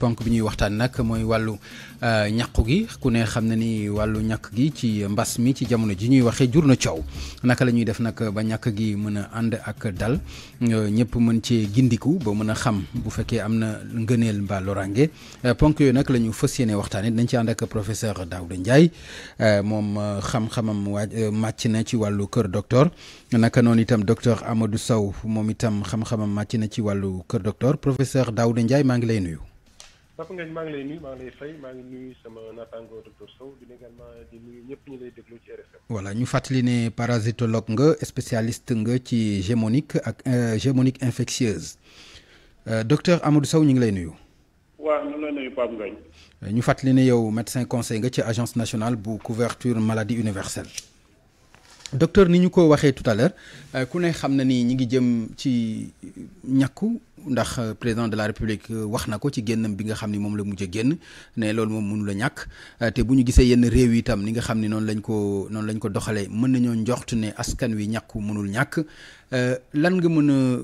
ponk bi ñuy waxtaan nag mooy walu nyakugi, euh, gi ku ne xam na ni wàllu ñàkk gi ci mbas mi ci jamono ji ñuy na coow naka def nag ba ñàkk gi ak dal ñëpp mën cee gindiku ba mën xam bu fekkee am na ngëneel mbaa lorange euh, ponk yooyu nag la ñu fas yéene waxtaanee dañ ci ànd ak professeur Daouda Ndiaye euh, moom xam-xamam waaj màcc na ci wàllu kër docteur naka noonu itam docteur Amadou Sow moom itam xam-xamam màcc na ci docteur professeur ngi lay nuyu. Papa Ngagne maa ngi lay nuyu maa ngi lay fay maa ngi nuyu sama naataango docteur Sow di également di nuyu ñëpp ñu lay déglu ci RFM. voilà ñu fàttali ne parasitologue nga spécialiste nga ci gémonique ak euh, gémonique infectieuse euh, docteur Amadou Sow ñu ngi lay nuyu. waaw ñu ngi lay nuyu Pape Ngagne. Euh, ñu fàttali ne yow médecin conseil nga ci agence nationale bu couverture maladie universelle. docteur ni ñu ko waxee tout à euh, ku ne xam na ni ñi ngi jëm ci ñàkku ndax euh, président de la république euh, wax na ko ci génnam bi nga xam ni moom la mujj a génn ne loolu moom mënu la ñàkk te bu ñu gisee yenn réew itam ni nga xam ni noonu lañ ko noonu lañ ko doxalee mën nañoo njort ne askan wi ñàkku mënul ñàkk lan nga mën a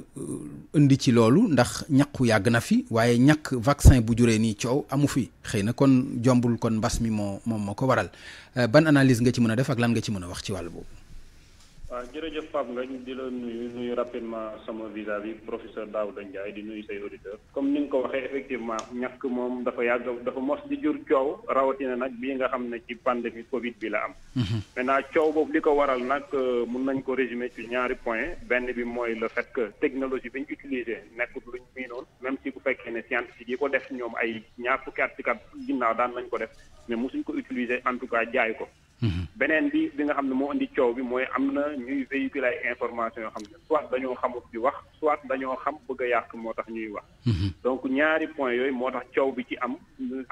indi ci loolu ndax ñàkku yàgg na fi waaye ñàkk vaccin bu juree nii coow amu fi xëy na kon jombul kon mbas mi moo moom moo ko waral ban analyse nga ci mën a def ak lan nga ci mën a wax ci wàll boobu waaw jërëjëf Pape Ngagne di la nuyu nuyu rapidement sama vis-à-vis professeur dañ Ndiaye di nuyu say auditeurs comme ni nga ko waxee effectivement ñàkk moom dafa yàgg dafa mos di jur coow rawatina nag bii nga xam ne ci pandémie Covid bi la am. Mhm. maintenant coow boobu li ko waral nag euh, mun nañ ko résumer ci ñaari point benn bi mooy le fait que technologie bi ñu utilisé nekkut luñ miinoon même si bu fekkee ne scientifique yi ko def ñoom ay ñaar fukki at ci daan nañ ko def mais mosuñ ko utiliser en tout cas jaay ko. Mm-hmm. beneen bi bi nga xam ne moo indi coow bi mooy am na ñuy véhiculer ay information yoo xam ne soit dañoo xamut di wax soit dañoo xam bëgg a yàq moo tax ñuy wax mm-hmm. donc ñaari point yooyu moo tax coow bi ci am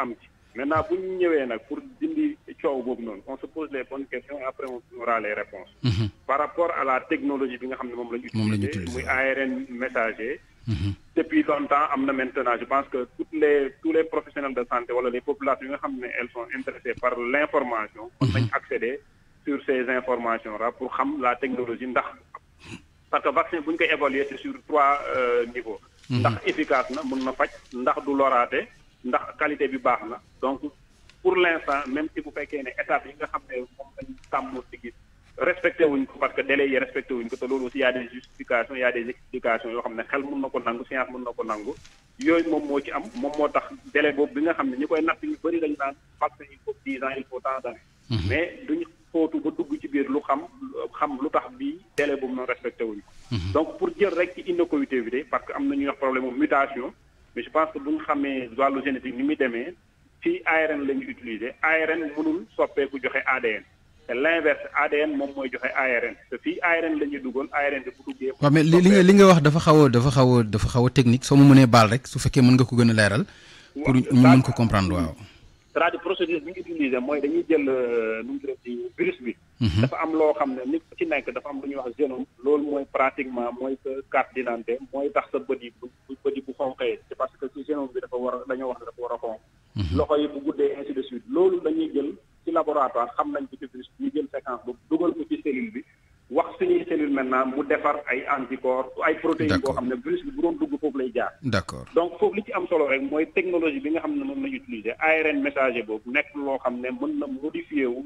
am ci maintenant bu ñu ñëwee nag pour dindi coow boobu noonu on se pose les bonnes questions et après on aura les réponses mm-hmm. par rapport à la technologie bi nga xam ne moom la utiliser muy ARN messager Mm-hmm. depuis longtemps maintenant je pense que les tous les professionnels de santé wala les populations elles sont intéressées par l'information. pour nañ mm-hmm. accéder sur ces informations là pour xam la technologie ndax parce que vaccin buñ ko sur trois euh, niveaux. Mm-hmm. ndax efficace na mën na faj ndax du ndax qualité bi baax donc pour l'instant, même si vous faites une état yi nga xamné ne lañ respecté wuñ ko parce que délai yi respecté wuñ ko te loolu aussi y a des justifications y a des explications yoo xam ne xel mën na ko nangu science mën na ko nangu yooyu moom moo ci am moom moo tax délai boobu bi nga xam ne ñu koy natt ñu bëri dañu naan vaccin il faut dix ans il faut tant d'années mhm. mais duñ xóotu ba dugg ci biir lu xam xam lu tax bii délai boobu noonu respecté wuñ ko mhm. donc pour jël rek ci innocuité bi de parce que am na ñuy wax problème mutation mais je pense que bu ñu xamee wàllu génétique ni muy demee ci ARN lañu utiliser ARN mënul soppeeku joxe ADN te l'inverse ADN moom mooy joxe ARN te fii ARN la ñuy dugal ARN bu duggee. mais li nga li nga wax dafa xaw a dafa xaw a dafa xaw a technique soo ma mënee baal rek su fekkee mën nga ko gën a leeral. pour ñu mën ko comprendre waaw. c'est-à-dire procédure bi nga utilisé mooy dañuy jël euh, nu mu tuddati virus bi. Mhm. dafa am loo xam ne nit ci nekk dafa am lu ñuy wax génome. loolu mooy pratiquement mooy sa carte mooy tax sa yi bu bu xonqee parce que génome bi dafa war dañoo wax ne dafa war a xonq. Mhm. loxo yi bu laboratoire xam nañ ci virus ñu jël séquence boobu dugal ko ci cellule bi wax suñuy cellule maintenant mu defar ay anticorps ay protéines boo xam ne virus bi bu doon dugg foofu lay jaar d'accord donc foofu li ci am solo rek mooy technologie bi nga xam ne moom lañu utiliser ARN messager boobu nekk loo xam ne mën na modifier wu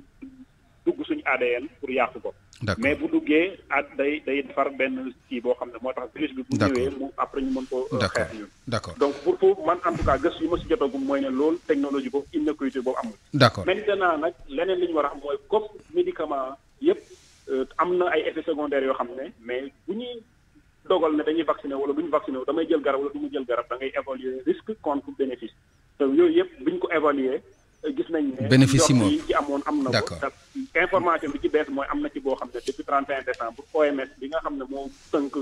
dugg suñu ADN pour yàq ko mais bu duggee at day day defar benn kii boo xam ne moo tax virus bi bu ñëwee mu après ñu mën ko euh, xeex ñun d'accord donc pour pour man en tout cas gëstu yu ma si jotagum mooy ne loolu technologie boobu innocuité boobu amul d'accord maintenant nag leneen li ñu war a am mooy comme médicament yëpp euh, am na ay effets secondaires yoo xam ne mais bu ñuy dogal ne dañuy vacciné wala bu ñu vacciné wu damay jël garab wala du ma jël garab da ngay évaluer risque contre bénéfice te yooyu yëpp bu ñu ko évaluer gis nañ ne. bénéfice moom amoon am na ko. information bi ci bees mooy am na ci boo xam ne depuis 31 décembre OMS bi nga xam ne moo tënk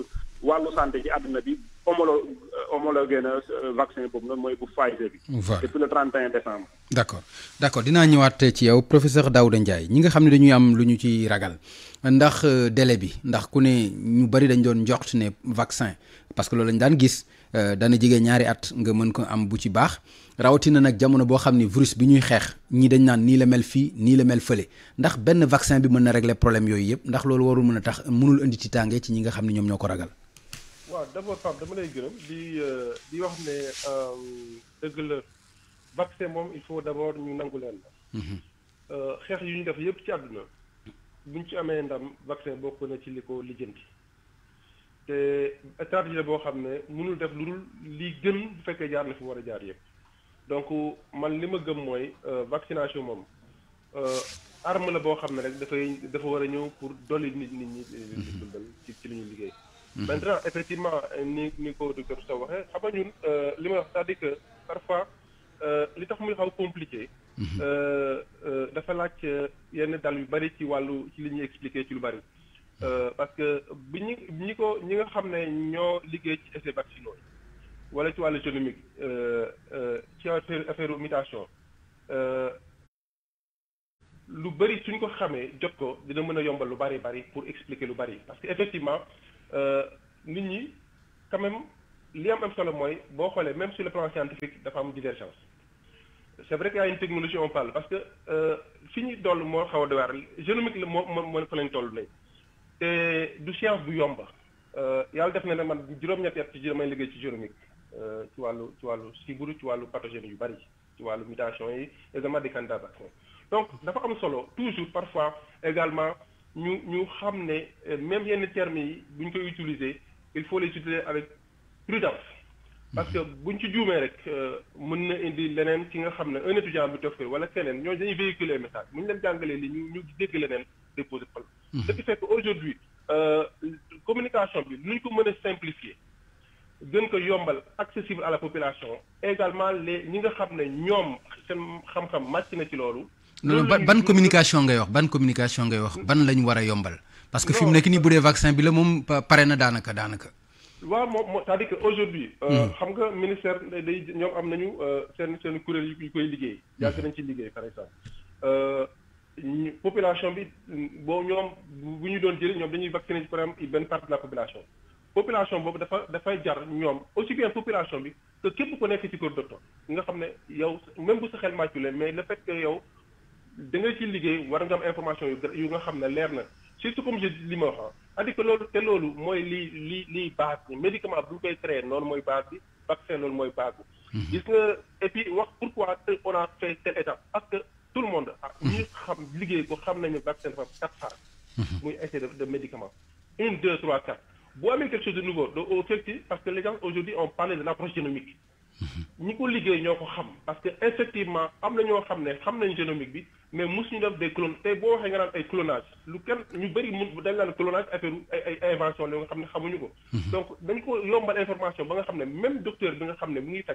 wàllu santé ci àdduna bi homolo euh, homologué na euh, vaccin boobu noonu mooy bu Pfizer bi. voilà depuis le 31 décembre. d' accord d' accord dinaa ñëwaat ci yow professeur Daouda Ndiaye ñi nga xam ne dañuy am lu ñu ci ragal ndax euh, délai bi ndax ku ne ñu bari dañ doon njort ne vaccin parce que loolu lañ daan gis. Euh, dana jege ñaari at nga mën ko am bu ci baax rawatina nag jamono boo xam ni virus bi ñuy xeex ñii dañ naan nii la mel fii nii la mel fële ndax benn vaccin bi mën na régler problème yooyu yëpp ndax loolu warul mën a tax mënul indi ci tàngee ci ñi nga xam ne ñoom ñoo ko ragal. waaw d'abord Pape dama lay gërëm di euh, di wax ne euh, dëgg la vaccin moom il faut d'abord ñu nangu leen. Mhm. xeex yu ñu def yëpp ci àdduna buñ ci amee ndam vaccin bokk na ci li ko lijjanti. te stratégie la boo xam ne mënul def lu dul li gën bu fekkee jaar na fi war a jaar yëpp donc man li ma gëm mooy euh, vaccination moom euh, arme la boo xam ne rek dafay dafa war a ñëw pour dolli nit nit ñi euh, mhm. dundal ci ci li ñuy liggéey mhm. maintenant effectivement ni ni ko docteur Sow waxee xam nga ñun li ma wax c'est-à-dire que parfois li tax muy xaw compliqué mhm. dafa laaj yenn dal yu bari ci wàllu ci li ñuy expliqué ci lu bari Euh, parce que bi ñi ko ñi nga xam ne ñoo liggéey ci essais vaccinaux yi wala ci wàllu génomique euh, euh, ci affaire affaire mutation lu bëri suñ ko xamee jot ko dina mën a yombal lu bari bari pour expliquer lu bari parce que effectivement nit ñi quand même li am am solo mooy boo xoolee même sur le plan scientifique dafa am divergence c'est vrai qu'il y a une technologie on parle parce que fi ñu doll moo xaw a doy génomique la moo moo fa lañ toll nañ et du science bu yomb euh, yàlla def na ne man juróom-ñetti at ci ci euh, ci ci ci yu bari ci mutation et de donc dafa am solo toujours parfois également nous ñu euh, même yenn termes yi utiliser il faut les utiliser avec prudence parce que buñ ci juumee rek mën indi un étudiant toog wala keneen ñoo dañuy véhiculer message buñ leen li ñu déposer problème. Mhm. Ce qui fait qu'aujourd'hui, euh, communication, nous pouvons simplifier. gën ko yombal accessible à la population également les ñi nga xam ne ñoom seen xam-xam màcc na ci loolu. loolu ban communication ngay wax ban communication ngay wax ban la ñu yombal. parce que fi mu nekk nii bu dee vaccin bi la moom pare na daanaka daanaka. waaw moom moo c'est-à-dire que aujourd'hui euh, hmm. xam nga ministère day ñoom am nañu euh, seen seen kuréel yu koy liggéey. Hmm. yàgg nañ ci liggéey par exemple. Euh, population bi bo ñom bu ñu doon jël ñom dañuy vacciner par exemple ben partie de la population population bobu dafa dafay jar ñom aussi bien population bi que képp ku nekk ci kër docteur nga xam ne yow même bu sa xel màcculee mais le fait que yow da nga ci liggéey war nga am information yu yu nga xam ne leer na surtout comme je li ma wax andi ah, que loolu te loolu mooy lii li li base bi médicament bu ñu koy créer noonu mooy base bi vaccin loolu mooy base bi mhm. gis nga et puis wax pourquoi on a fait telle étape parce que tout le monde, nous avons obligé pour ramener le vaccin de 400, pour essayer de, de médicaments. 1, 2, 3, 4. Vous quelque chose de nouveau, de, de, parce que les gens aujourd'hui ont parlé de l'approche génomique. Nous avons nous avons parce qu'effectivement, nous avons ramené le génomique, mais nous avons des clones. Et bon, nous avons des clonages. Nous avons des clonages, nous avons des clonages, nous avons des inventions, nous avons des informations. Donc, nous avons des informations, même le docteur, nous avons des informations.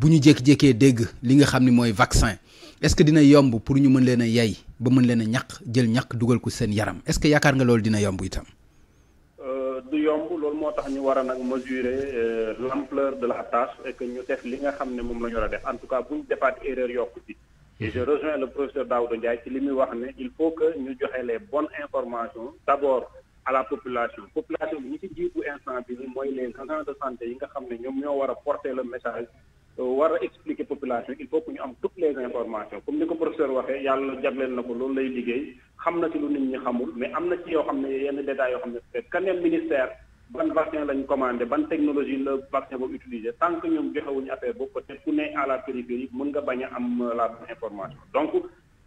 bu ñu jékki-jékkee dégg li nga xam ni mooy vaccin est-ce que dina yomb pour ñu mën leen a yey ba mën leen a ñaq jël ñaq dugal ko seen yaram est-ce que yaakaar nga loolu dina yomb itam. Euh, du yomb loolu moo tax ñu war a nag mesurer euh, l'ampleur de la tâche et que ñu def li nga xam ne moom la ñu a def en tout cas bu ñu defaat erreur yokku ci. et je rejoins le professeur Daouda Ndiaye ci li muy wax ne il faut que ñu joxe les bonnes informations d'abord. à la population population bi ñu ci jiitu instant bi mooy les agents de santé yi nga xam ne ñoom ñoo war a le message euh, war a expliquer il faut que ñu am toutes les informations comme ni ko professeur waxee yàlla jagleel na ko loolu lay liggéey xam na ci lu nit ñi xamul mais am na ci yoo xam ne yenn détails yoo xam ne peut-être kaneen ministère ban vaccin lañ commandé ban technologie la vaccin boobu utilisé tant que ñoom joxewuñu affaire boobu peut à la périphérie mën a am la bonne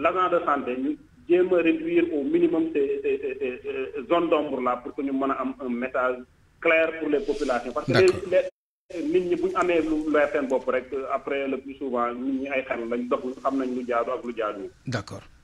l'agent de santé ñu jéem réduire au minimum ces zones d'ombre là pour que nous mën un message clair pour les populations. parce que les nit ñi ont ñu amee lu après le plus souvent nit ñi ay le lañ dox xam nañ d'accord.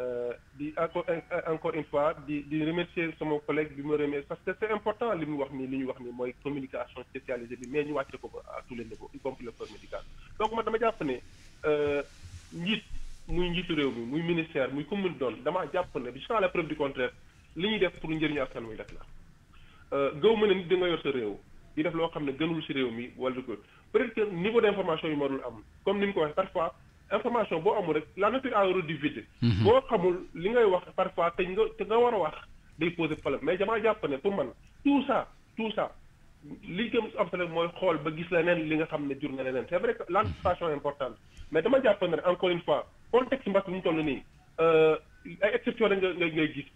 Euh, encore une fois di remercier collègue bi me remercier parce important li mu wax li wax communication spécialisée bi mais ñu ko à tous les niveaux y compris le corps médical donc man dama euh, muy ministère muy commune la preuve du contraire li def pour njëriñu askan euh, muy nit yor sa di def niveau d'information, comme ni ko parfois information boo amul rek la nature en rôle du mhm. boo xamul li ngay wax parfois te nga te war a wax day poser problème mais damaa jàpp ne pour man tout ça tout ça li gëm am mooy xool ba gis leneen li nga xam ne jur na leneen c'est vrai que l'anticipation est importante mais dama jàpp ne encore une fois contexte mbas mi ñu toll nii euh, ay exception rek nga nga ngay gis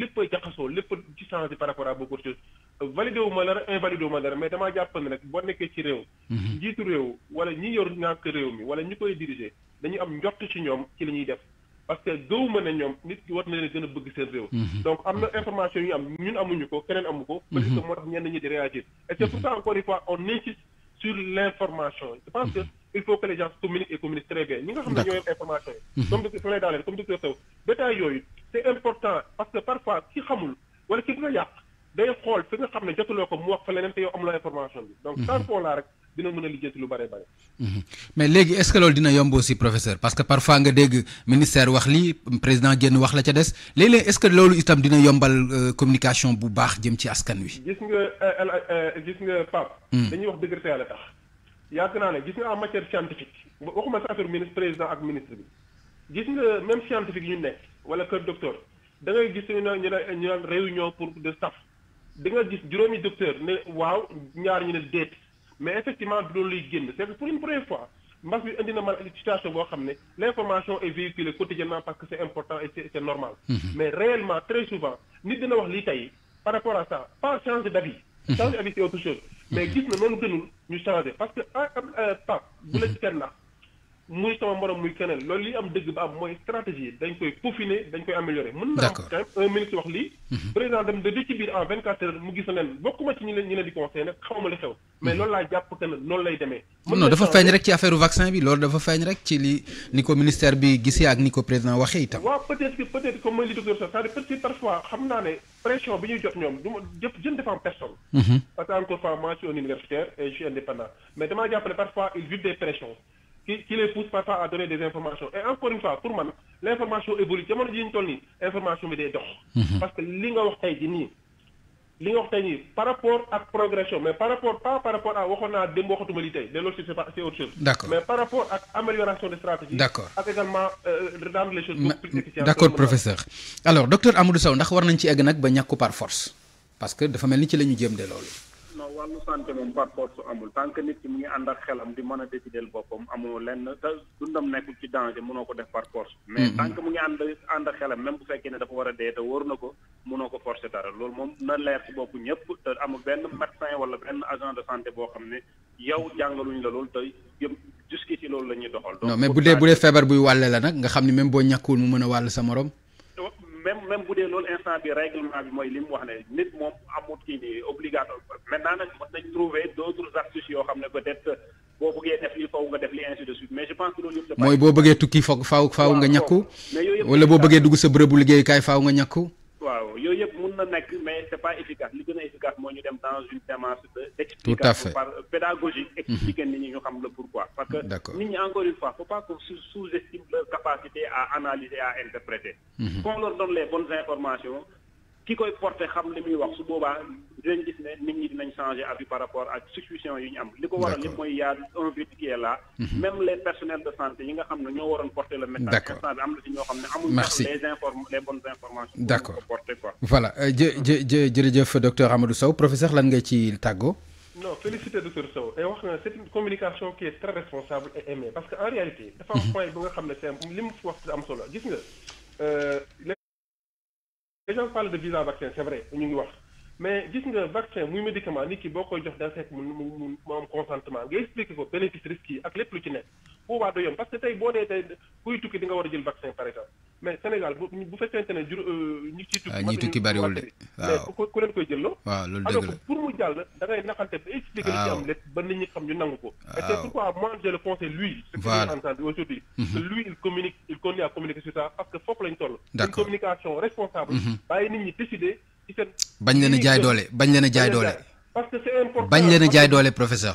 lépp a jaxasoo lépp ci changé par rapport à beaucoup de choses la wu ma dara invalidé wu ma dara mais damaa jàpp ne rek boo nekkee ci réew. Mhm. njiitu réew wala ñi yor ñàkk réew mi wala ñi koy diriger. dañu am njort ci ñoom ci li ñuy def parce que gëwuma ne ñoom nit ki war na leen gën a bëgg seen réew. Mhm. donc am na information yu am ñun amuñu ko keneen amu ko. Mhm. parce que moo tax ñenn ñi di réagir. et c'est pourquoi encore une fois on insiste sur l'information je pense que mhm. il faut que les gens communiquent et communiquent très bien ñi nga xam ne ñoo yor information yi. comme docteur Souley Daale comme docteur Sow détail yooyu c'est important parce que parfois ki xamul wala ki bëgg a yàq day xool fi nga xam ne jotuloo ko mu wax fa leneen te yow amuloo information bi. donc mhm. sans fond laa rek dina mën a liggéey ci lu bare bare. Mhm. mais léegi est-ce que loolu dina yomb aussi professeur parce que parfois nga dégg ministère wax lii président génn wax la ca des léeg-léeg est-ce que loolu itam dina yombal euh, communication bu baax jëm ci askan wi. gis nga euh, euh, gis nga Pape. Mhm. dañuy wax dëgg yàlla tax. yaakaar naa ne gis nga en matière scientifique waxuma sa affaire ministre président ak ministre bi gis nga même scientifique yu nekk wala kër docteur da ngay gis ñu naan ñu réunion pour de staff dinga gis juróomi docteur ne waaw ñaar ñu ne déet mais effectivement du loolu génn c'est que pour une première fois mbas bi indi na man situation boo xam l'information est véhiculée quotidiennement parce que c'est important et c'est normal mm-hmm. mais réellement très souvent nit dina wax lii tey par rapport à ça pas changer d'avis mm-hmm. changer d'avis c'est autre chose mais gis na noonu gënul ñu changer parce que ah Vous euh, bu la ci muy sama morom muy keneen loolu li am ba am stratégie dañ koy dañ koy améliorer. mën ministre mhm. président de ci en vingt heures mu gis leen ma ci ñu leen ñu leen di li xew. mais mhm. loolu laa dit que noonu lay demee. non dafa feeñ rek ci affaire vaccin bi loolu dafa feeñ rek ci li ni ko ministère bi gisee ak ni ko président waxee itam. waaw peut être peut être que cest à parfois xam naa pression bi ñuy jot je ne personne. Mhm. universitaire et je indépendant mais parfois il des pressions qui, les pousse parfois à donner des informations. Et encore une fois, pour moi, l'information évolue. Je me dis, l'information mais des Parce que ce li nga wax est par rapport à la progression mais par rapport pas par rapport à ce naa démb waxatuma li de c'est autre chose. mais par rapport à l'amélioration des stratégies, d'accord également euh, dans les choses plus efficaces. d'accord professeur alors docteur Amadou Sow ndax war nañ ci egg par force parce que de mel ni ci la que jëm de wàllu santé moom par force amul tant que nit ki mu ngi ànd ak xelam di mën a décider boppam amuloo lenn te dundam nekkul ci danger mënoo ko def par force. Mm-hmm. mais tant que mu ngi ànd ànd ak xelam même bu fekkee ne dafa war a dee te wóor na ko mënoo ko forcer dara loolu moom na leer ci bopp ñëpp te amul benn médecin wala benn agent de santé boo xam ne yow jàngaluñ la loolu te yëpp jusqu'ici loolu la ñuy doxal. donc non mais bu dee bu dee feebar buy wàlle la nag nga xam ne même boo ñàkkul mu a morom. même même bu dee loolu instant bi règlement bi mooy li mu wax ne nit moom amut kii nii obligatoire maintenant nag mën nañ trouver d' autres yoo xam ne peut être boo bëggee def li faw nga def li ainsi suite mais je pense mooy boo bëggee tukki foog faaw faaw nga ñàkku wala boo bëggee dugg sa bërëbu liggéeyukaay faaw nga ñàkku mais ce n'est pas efficace li gën a efficace c'est nous dans une démarche d'explication par euh, pédagogique mhm. expliquer nit le pourquoi parce que n'y encore une fois faut pas qu'on sous-estime leur capacité à analyser à interpréter mhm. Quand on leur donne les bonnes informations ki koy porté xam li muy wax su boobaa dinañ gis ne nit ñi dinañ changer avis par rapport ak situation yi ñu am li ko waral li mooy yaa un vide qui est là mhm. même les personnels de santé yi nga xam ne ñoo waroon porté le message instant bi am na si ñoo xam ne amul les inform les bonnes informations d' accord porté quoi voilà je je je jërëjëf docteur Amadou Sow professeur lan nga ci tàggoo non félicité docteur Sow et wax na c' une communication qui est très responsable et aimée parce que en réalité dafa am mhm. point bi nga xam ne c'est li mu wax am solo gis nga euh, les gens parlent de visa vaccin c'est vrai ñu ngi wax mais gis nga vaccin muy médicament nit ki boo jox da cette fekk mu am consentement nga expliquer ko bénéfice risque ak lépp lu ci nekk wa do yom parce que tay bo né tay kuy tukki di nga wara jël vaccin par exemple mais Sénégal bu bu né euh, ñi ciy tukki. Ah, ñi tukki bariwul de waaw ku leen koy jëlloo. waaw loolu dëgg la pour mu jall da ngay naxante ba expliqué li ci am lépp ba nit ñi xam ñu nangu ko. waaw et c'est pourquoi moi le conseil lui. ce que j'ai entendu aujourd'hui. Mm-hmm. lui il communique continuer à communiquer sur ça mhm. bañ leen a jaay doole bañ leen a jaay doole. bañ leen a jaay doole professeur.